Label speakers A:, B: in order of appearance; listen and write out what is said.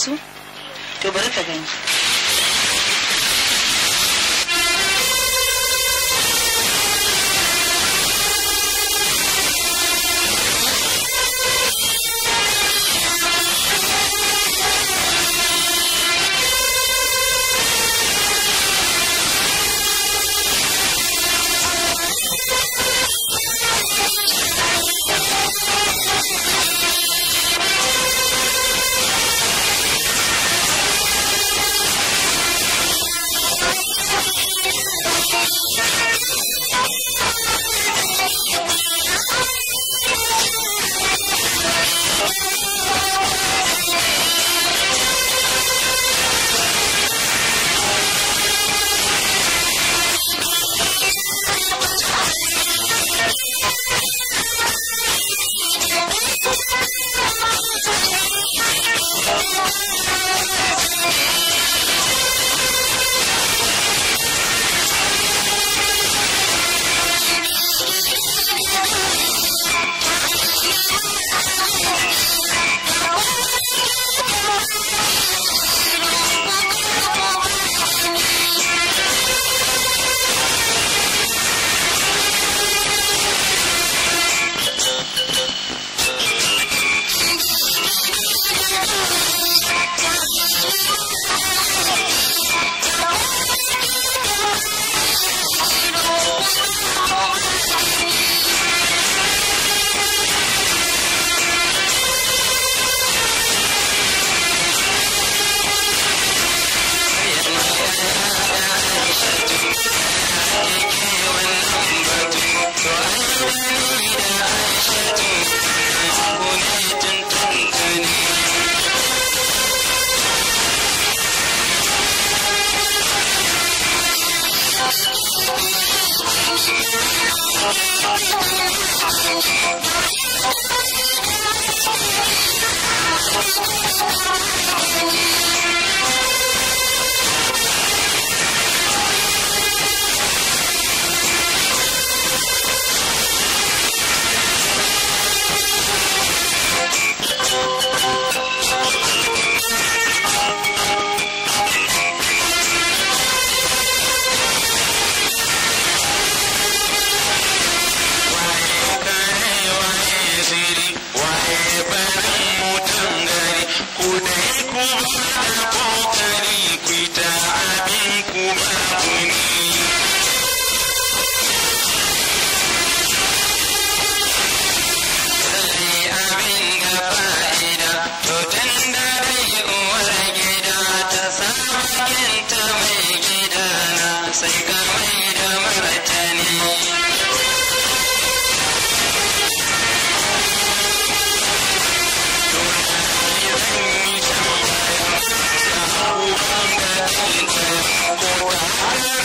A: su to bari ka gani
B: Olha, olha.